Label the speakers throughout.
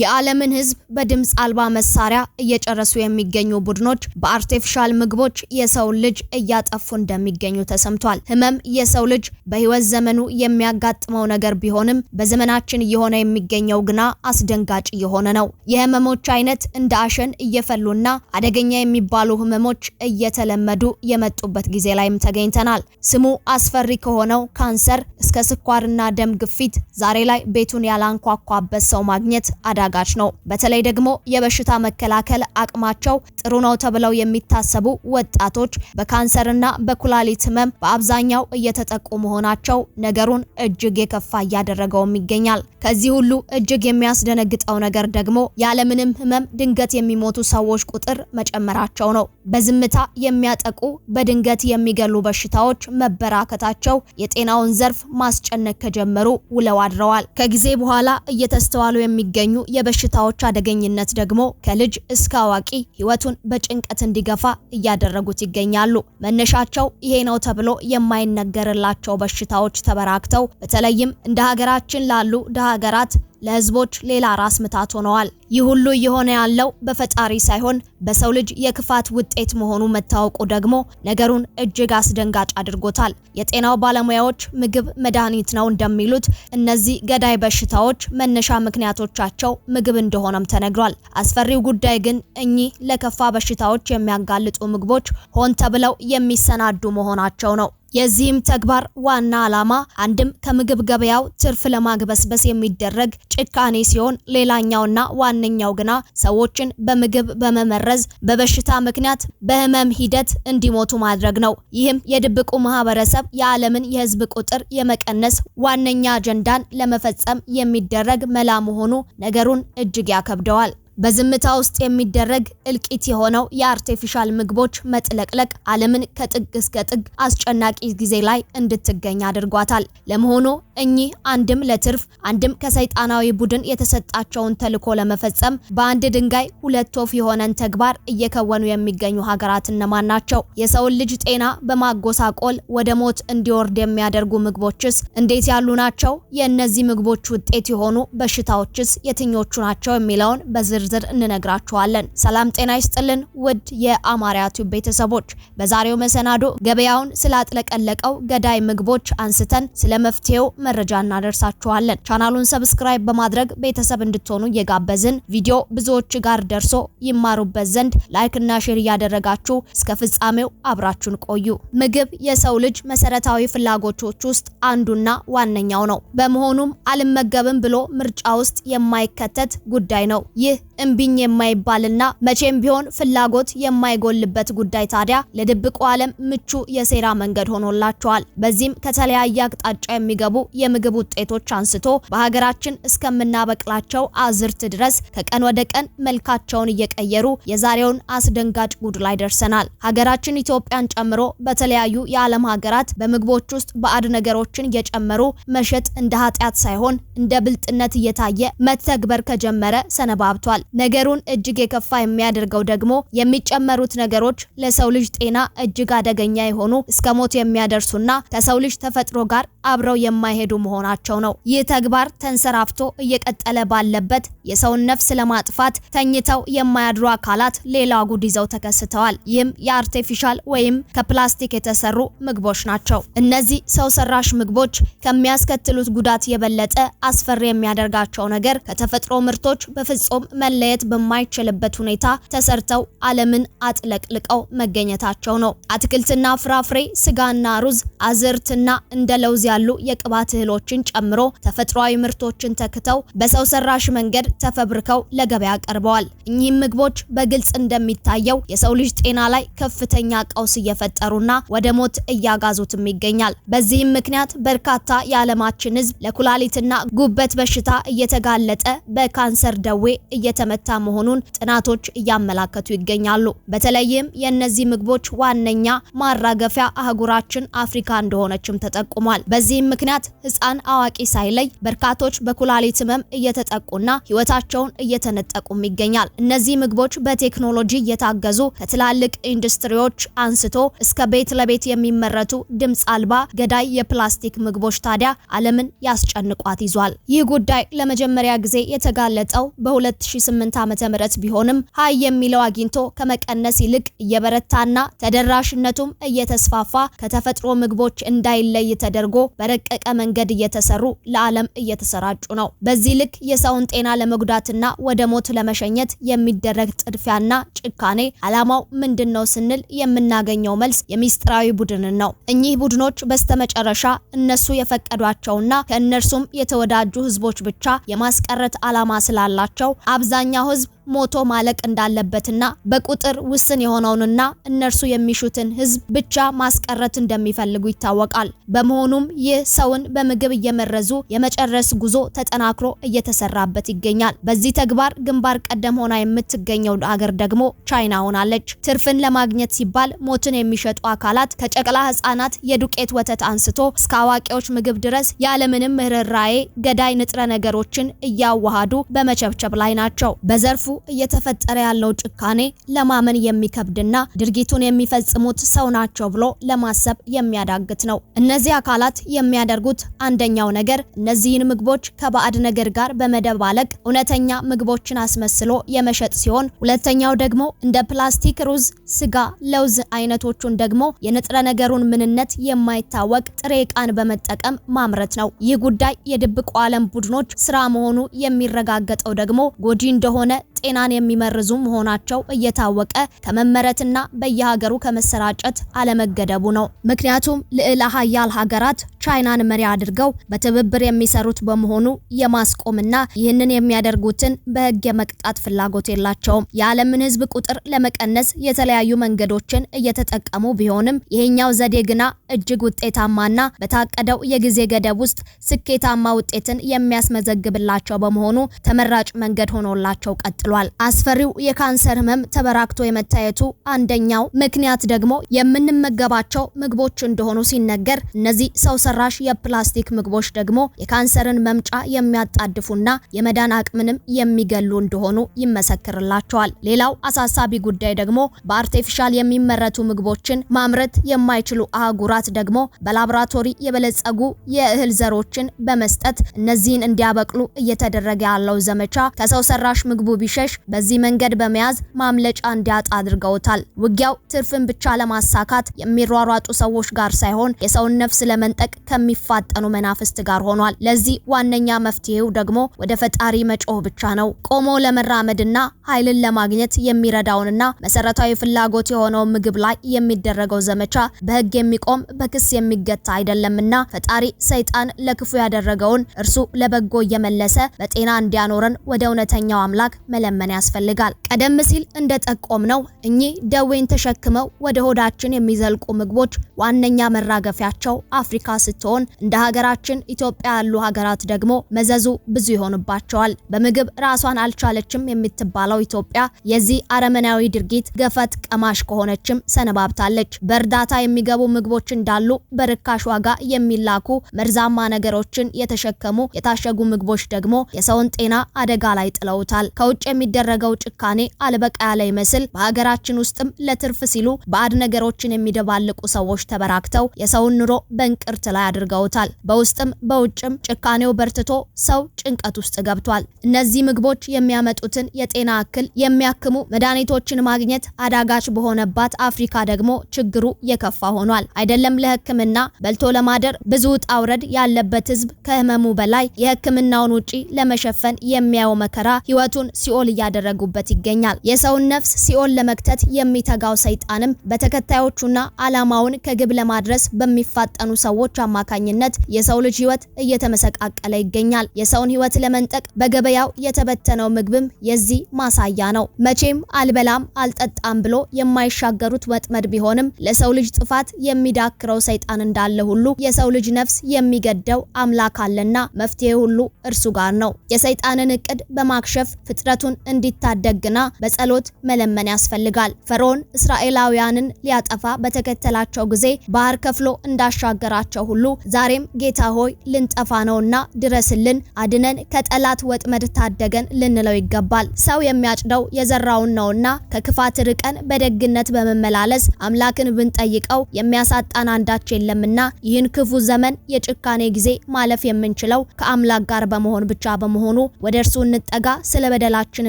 Speaker 1: የዓለምን ሕዝብ በድምፅ አልባ መሳሪያ እየጨረሱ የሚገኙ ቡድኖች በአርቴፊሻል ምግቦች የሰውን ልጅ እያጠፉ እንደሚገኙ ተሰምቷል። ህመም የሰው ልጅ በህይወት ዘመኑ የሚያጋጥመው ነገር ቢሆንም በዘመናችን እየሆነ የሚገኘው ግና አስደንጋጭ እየሆነ ነው። የህመሞች አይነት እንደ አሸን እየፈሉና አደገኛ የሚባሉ ህመሞች እየተለመዱ የመጡበት ጊዜ ላይም ተገኝተናል። ስሙ አስፈሪ ከሆነው ካንሰር እስከ ስኳርና ደም ግፊት ዛሬ ላይ ቤቱን ያላንኳኳበት ሰው ማግኘት አዳ አጋች ነው። በተለይ ደግሞ የበሽታ መከላከል አቅማቸው ጥሩ ነው ተብለው የሚታሰቡ ወጣቶች በካንሰርና በኩላሊት ህመም በአብዛኛው እየተጠቁ መሆናቸው ነገሩን እጅግ የከፋ እያደረገውም ይገኛል። ከዚህ ሁሉ እጅግ የሚያስደነግጠው ነገር ደግሞ ያለምንም ህመም ድንገት የሚሞቱ ሰዎች ቁጥር መጨመራቸው ነው። በዝምታ የሚያጠቁ በድንገት የሚገሉ በሽታዎች መበራከታቸው የጤናውን ዘርፍ ማስጨነቅ ከጀመሩ ውለው አድረዋል። ከጊዜ በኋላ እየተስተዋሉ የሚገኙ የበሽታዎች አደገኝነት ደግሞ ከልጅ እስከ አዋቂ ህይወቱን በጭንቀት እንዲገፋ እያደረጉት ይገኛሉ። መነሻቸው ይሄ ነው ተብሎ የማይነገርላቸው በሽታዎች ተበራክተው በተለይም እንደ ሀገራችን ላሉ ድሃ ሀገራት ለህዝቦች ሌላ ራስ ምታት ሆነዋል። ይህ ሁሉ እየሆነ ያለው በፈጣሪ ሳይሆን በሰው ልጅ የክፋት ውጤት መሆኑ መታወቁ ደግሞ ነገሩን እጅግ አስደንጋጭ አድርጎታል። የጤናው ባለሙያዎች ምግብ መድኃኒት ነው እንደሚሉት እነዚህ ገዳይ በሽታዎች መነሻ ምክንያቶቻቸው ምግብ እንደሆነም ተነግሯል። አስፈሪው ጉዳይ ግን እኚህ ለከፋ በሽታዎች የሚያጋልጡ ምግቦች ሆን ተብለው የሚሰናዱ መሆናቸው ነው። የዚህም ተግባር ዋና ዓላማ አንድም ከምግብ ገበያው ትርፍ ለማግበስበስ የሚደረግ ጭካኔ ሲሆን ሌላኛውና ዋነኛው ግና ሰዎችን በምግብ በመመረዝ በበሽታ ምክንያት በህመም ሂደት እንዲሞቱ ማድረግ ነው። ይህም የድብቁ ማህበረሰብ የዓለምን የህዝብ ቁጥር የመቀነስ ዋነኛ አጀንዳን ለመፈጸም የሚደረግ መላ መሆኑ ነገሩን እጅግ ያከብደዋል። በዝምታ ውስጥ የሚደረግ እልቂት የሆነው የአርቴፊሻል ምግቦች መጥለቅለቅ ዓለምን ከጥግ እስከ ጥግ አስጨናቂ ጊዜ ላይ እንድትገኝ አድርጓታል። ለመሆኑ እኚህ አንድም ለትርፍ አንድም ከሰይጣናዊ ቡድን የተሰጣቸውን ተልዕኮ ለመፈጸም በአንድ ድንጋይ ሁለት ወፍ የሆነን ተግባር እየከወኑ የሚገኙ ሀገራት እነማን ናቸው? የሰውን ልጅ ጤና በማጎሳቆል ወደ ሞት እንዲወርድ የሚያደርጉ ምግቦችስ እንዴት ያሉ ናቸው? የእነዚህ ምግቦች ውጤት የሆኑ በሽታዎችስ የትኞቹ ናቸው? የሚለውን በዝርዝር በዝርዝር እንነግራችኋለን። ሰላም ጤና ይስጥልን ውድ የአማርያ ቲዩብ ቤተሰቦች፣ በዛሬው መሰናዶ ገበያውን ስላጥለቀለቀው ገዳይ ምግቦች አንስተን ስለ መፍትሄው መረጃ እናደርሳችኋለን። ቻናሉን ሰብስክራይብ በማድረግ ቤተሰብ እንድትሆኑ እየጋበዝን ቪዲዮ ብዙዎች ጋር ደርሶ ይማሩበት ዘንድ ላይክና ሼር እያደረጋችሁ እስከ ፍጻሜው አብራችሁን ቆዩ። ምግብ የሰው ልጅ መሰረታዊ ፍላጎቶች ውስጥ አንዱና ዋነኛው ነው። በመሆኑም አልመገብም ብሎ ምርጫ ውስጥ የማይከተት ጉዳይ ነው። ይህ እምቢኝ የማይባልና መቼም ቢሆን ፍላጎት የማይጎልበት ጉዳይ ታዲያ ለድብቁ ዓለም ምቹ የሴራ መንገድ ሆኖላቸዋል። በዚህም ከተለያየ አቅጣጫ የሚገቡ የምግብ ውጤቶች አንስቶ በሀገራችን እስከምናበቅላቸው አዝርት ድረስ ከቀን ወደ ቀን መልካቸውን እየቀየሩ የዛሬውን አስደንጋጭ ጉድ ላይ ደርሰናል። ሀገራችን ኢትዮጵያን ጨምሮ በተለያዩ የዓለም ሀገራት በምግቦች ውስጥ ባዕድ ነገሮችን እየጨመሩ መሸጥ እንደ ኃጢአት ሳይሆን እንደ ብልጥነት እየታየ መተግበር ከጀመረ ሰነባብቷል። ነገሩን እጅግ የከፋ የሚያደርገው ደግሞ የሚጨመሩት ነገሮች ለሰው ልጅ ጤና እጅግ አደገኛ የሆኑ እስከ ሞት የሚያደርሱና ከሰው ልጅ ተፈጥሮ ጋር አብረው የማይሄዱ መሆናቸው ነው። ይህ ተግባር ተንሰራፍቶ እየቀጠለ ባለበት የሰውን ነፍስ ለማጥፋት ተኝተው የማያድሩ አካላት ሌላ ጉድ ይዘው ተከስተዋል። ይህም የአርቴፊሻል ወይም ከፕላስቲክ የተሰሩ ምግቦች ናቸው። እነዚህ ሰው ሰራሽ ምግቦች ከሚያስከትሉት ጉዳት የበለጠ አስፈሪ የሚያደርጋቸው ነገር ከተፈጥሮ ምርቶች በፍጹም መለ መለየት በማይችልበት ሁኔታ ተሰርተው ዓለምን አጥለቅልቀው መገኘታቸው ነው። አትክልትና ፍራፍሬ፣ ስጋና ሩዝ፣ አዝርትና እንደ ለውዝ ያሉ የቅባት እህሎችን ጨምሮ ተፈጥሯዊ ምርቶችን ተክተው በሰው ሰራሽ መንገድ ተፈብርከው ለገበያ ቀርበዋል። እኚህም ምግቦች በግልጽ እንደሚታየው የሰው ልጅ ጤና ላይ ከፍተኛ ቀውስ እየፈጠሩና ወደ ሞት እያጋዙትም ይገኛል። በዚህም ምክንያት በርካታ የዓለማችን ሕዝብ ለኩላሊትና ጉበት በሽታ እየተጋለጠ በካንሰር ደዌ እየተ የተመታ መሆኑን ጥናቶች እያመላከቱ ይገኛሉ። በተለይም የእነዚህ ምግቦች ዋነኛ ማራገፊያ አህጉራችን አፍሪካ እንደሆነችም ተጠቁሟል። በዚህም ምክንያት ህፃን አዋቂ ሳይለይ በርካቶች በኩላሊት ህመም እየተጠቁና ህይወታቸውን እየተነጠቁም ይገኛል። እነዚህ ምግቦች በቴክኖሎጂ እየታገዙ ከትላልቅ ኢንዱስትሪዎች አንስቶ እስከ ቤት ለቤት የሚመረቱ ድምፅ አልባ ገዳይ የፕላስቲክ ምግቦች ታዲያ ዓለምን ያስጨንቋት ይዟል። ይህ ጉዳይ ለመጀመሪያ ጊዜ የተጋለጠው በ2008 2018 ዓ.ም ቢሆንም ሀይ የሚለው አግኝቶ ከመቀነስ ይልቅ እየበረታና ተደራሽነቱም እየተስፋፋ ከተፈጥሮ ምግቦች እንዳይለይ ተደርጎ በረቀቀ መንገድ እየተሰሩ ለዓለም እየተሰራጩ ነው። በዚህ ልክ የሰውን ጤና ለመጉዳትና ወደ ሞት ለመሸኘት የሚደረግ ጥድፊያና ጭካኔ ዓላማው ምንድን ነው ስንል የምናገኘው መልስ የሚስጥራዊ ቡድንን ነው። እኚህ ቡድኖች በስተመጨረሻ እነሱ የፈቀዷቸውና ከእነርሱም የተወዳጁ ህዝቦች ብቻ የማስቀረት ዓላማ ስላላቸው አብዛ አብዛኛው ህዝብ ሞቶ ማለቅ እንዳለበትና በቁጥር ውስን የሆነውንና እነርሱ የሚሹትን ህዝብ ብቻ ማስቀረት እንደሚፈልጉ ይታወቃል። በመሆኑም ይህ ሰውን በምግብ እየመረዙ የመጨረስ ጉዞ ተጠናክሮ እየተሰራበት ይገኛል። በዚህ ተግባር ግንባር ቀደም ሆና የምትገኘው አገር ደግሞ ቻይና ሆናለች። ትርፍን ለማግኘት ሲባል ሞትን የሚሸጡ አካላት ከጨቅላ ህጻናት የዱቄት ወተት አንስቶ እስከ አዋቂዎች ምግብ ድረስ ያለምንም ርኅራዬ ገዳይ ንጥረ ነገሮችን እያዋሃዱ በመቸብቸብ ላይ ናቸው። ነው። በዘርፉ እየተፈጠረ ያለው ጭካኔ ለማመን የሚከብድና ድርጊቱን የሚፈጽሙት ሰው ናቸው ብሎ ለማሰብ የሚያዳግት ነው። እነዚህ አካላት የሚያደርጉት አንደኛው ነገር እነዚህን ምግቦች ከባዕድ ነገር ጋር በመደባለቅ እውነተኛ ምግቦችን አስመስሎ የመሸጥ ሲሆን፣ ሁለተኛው ደግሞ እንደ ፕላስቲክ፣ ሩዝ፣ ስጋ፣ ለውዝ አይነቶቹን ደግሞ የንጥረ ነገሩን ምንነት የማይታወቅ ጥሬ ዕቃን በመጠቀም ማምረት ነው። ይህ ጉዳይ የድብቁ ዓለም ቡድኖች ስራ መሆኑ የሚረጋገጠው ደግሞ ጎጂ እንደሆነ ጤናን የሚመርዙ መሆናቸው እየታወቀ ከመመረትና በየሀገሩ ከመሰራጨት አለመገደቡ ነው። ምክንያቱም ልዕለ ሀያል ሀገራት ቻይናን መሪ አድርገው በትብብር የሚሰሩት በመሆኑ የማስቆምና ይህንን የሚያደርጉትን በህግ የመቅጣት ፍላጎት የላቸውም። የዓለምን ህዝብ ቁጥር ለመቀነስ የተለያዩ መንገዶችን እየተጠቀሙ ቢሆንም ይህኛው ዘዴ ግና እጅግ ውጤታማና በታቀደው የጊዜ ገደብ ውስጥ ስኬታማ ውጤትን የሚያስመዘግብላቸው በመሆኑ ተመራጭ መንገድ ሆኖላቸው ቀጥሏል። ተቀላቅሏል። አስፈሪው የካንሰር ህመም ተበራክቶ የመታየቱ አንደኛው ምክንያት ደግሞ የምንመገባቸው ምግቦች እንደሆኑ ሲነገር፣ እነዚህ ሰው ሰራሽ የፕላስቲክ ምግቦች ደግሞ የካንሰርን መምጫ የሚያጣድፉና የመዳን አቅምንም የሚገሉ እንደሆኑ ይመሰክርላቸዋል። ሌላው አሳሳቢ ጉዳይ ደግሞ በአርቴፊሻል የሚመረቱ ምግቦችን ማምረት የማይችሉ አህጉራት ደግሞ በላቦራቶሪ የበለጸጉ የእህል ዘሮችን በመስጠት እነዚህን እንዲያበቅሉ እየተደረገ ያለው ዘመቻ ከሰው ሰራሽ ምግቡ ቢሸ በመሸሽ በዚህ መንገድ በመያዝ ማምለጫ እንዲያጣ አድርገውታል። ውጊያው ትርፍን ብቻ ለማሳካት የሚሯሯጡ ሰዎች ጋር ሳይሆን የሰውን ነፍስ ለመንጠቅ ከሚፋጠኑ መናፍስት ጋር ሆኗል። ለዚህ ዋነኛ መፍትሄው ደግሞ ወደ ፈጣሪ መጮህ ብቻ ነው። ቆሞ ለመራመድና ኃይልን ለማግኘት የሚረዳውንና መሰረታዊ ፍላጎት የሆነውን ምግብ ላይ የሚደረገው ዘመቻ በህግ የሚቆም በክስ የሚገታ አይደለምና ፈጣሪ ሰይጣን ለክፉ ያደረገውን እርሱ ለበጎ እየመለሰ በጤና እንዲያኖረን ወደ እውነተኛው አምላክ መለ መለመን ያስፈልጋል። ቀደም ሲል እንደጠቆም ነው እኚህ ደዌን ተሸክመው ወደ ሆዳችን የሚዘልቁ ምግቦች ዋነኛ መራገፊያቸው አፍሪካ ስትሆን እንደ ሀገራችን ኢትዮጵያ ያሉ ሀገራት ደግሞ መዘዙ ብዙ ይሆንባቸዋል። በምግብ ራሷን አልቻለችም የምትባለው ኢትዮጵያ የዚህ አረመናዊ ድርጊት ገፈት ቀማሽ ከሆነችም ሰነባብታለች። በእርዳታ የሚገቡ ምግቦች እንዳሉ በርካሽ ዋጋ የሚላኩ መርዛማ ነገሮችን የተሸከሙ የታሸጉ ምግቦች ደግሞ የሰውን ጤና አደጋ ላይ ጥለውታል። ከውጭ የሚደረገው ጭካኔ አልበቃ ያለ ይመስል በሀገራችን ውስጥም ለትርፍ ሲሉ ባዕድ ነገሮችን የሚደባልቁ ሰዎች ተበራክተው የሰውን ኑሮ በእንቅርት ላይ አድርገውታል። በውስጥም በውጭም ጭካኔው በርትቶ ሰው ጭንቀት ውስጥ ገብቷል። እነዚህ ምግቦች የሚያመጡትን የጤና እክል የሚያክሙ መድኃኒቶችን ማግኘት አዳጋች በሆነባት አፍሪካ ደግሞ ችግሩ የከፋ ሆኗል። አይደለም ለሕክምና በልቶ ለማደር ብዙ ውጣ ውረድ ያለበት ህዝብ ከህመሙ በላይ የሕክምናውን ውጪ ለመሸፈን የሚያየው መከራ ሕይወቱን ሲኦል እያደረጉበት ይገኛል። የሰውን ነፍስ ሲኦል ለመክተት የሚተጋው ሰይጣንም በተከታዮቹና ዓላማውን ከግብ ለማድረስ በሚፋጠኑ ሰዎች አማካኝነት የሰው ልጅ ህይወት እየተመሰቃቀለ ይገኛል። የሰውን ሕይወት ለመንጠቅ በገበያው የተበተነው ምግብም የዚህ ማሳያ ነው። መቼም አልበላም አልጠጣም ብሎ የማይሻገሩት ወጥመድ ቢሆንም ለሰው ልጅ ጥፋት የሚዳክረው ሰይጣን እንዳለ ሁሉ የሰው ልጅ ነፍስ የሚገደው አምላክ አለና መፍትሄ ሁሉ እርሱ ጋር ነው። የሰይጣንን እቅድ በማክሸፍ ፍጥረቱን እንዲታደግና በጸሎት መለመን ያስፈልጋል። ፈርዖን እስራኤላውያንን ሊያጠፋ በተከተላቸው ጊዜ ባህር ከፍሎ እንዳሻገራቸው ሁሉ ዛሬም ጌታ ሆይ ልንጠፋ ነውና ድረስልን፣ አድነን፣ ከጠላት ወጥመድ ታደገን ልንለው ይገባል። ሰው የሚያጭደው የዘራውን ነውና ከክፋት ርቀን በደግነት በመመላለስ አምላክን ብንጠይቀው የሚያሳጣን አንዳች የለምና ይህን ክፉ ዘመን የጭካኔ ጊዜ ማለፍ የምንችለው ከአምላክ ጋር በመሆን ብቻ በመሆኑ ወደ እርሱ እንጠጋ፣ ስለ በደላችን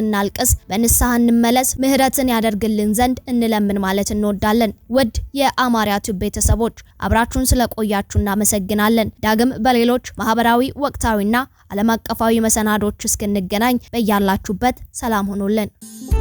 Speaker 1: እናልቅስ፣ በንስሐ እንመለስ፣ ምህረትን ያደርግልን ዘንድ እንለምን ማለት እንወዳለን። ውድ የአማርያ ቱብ ቤተሰቦች አብራችሁን ስለቆያችሁ እናመሰግናለን። ዳግም በሌሎች ማህበራዊ ወቅታዊና ዓለም አቀፋዊ መሰናዶች እስክንገናኝ በያላችሁበት ሰላም ሆኖልን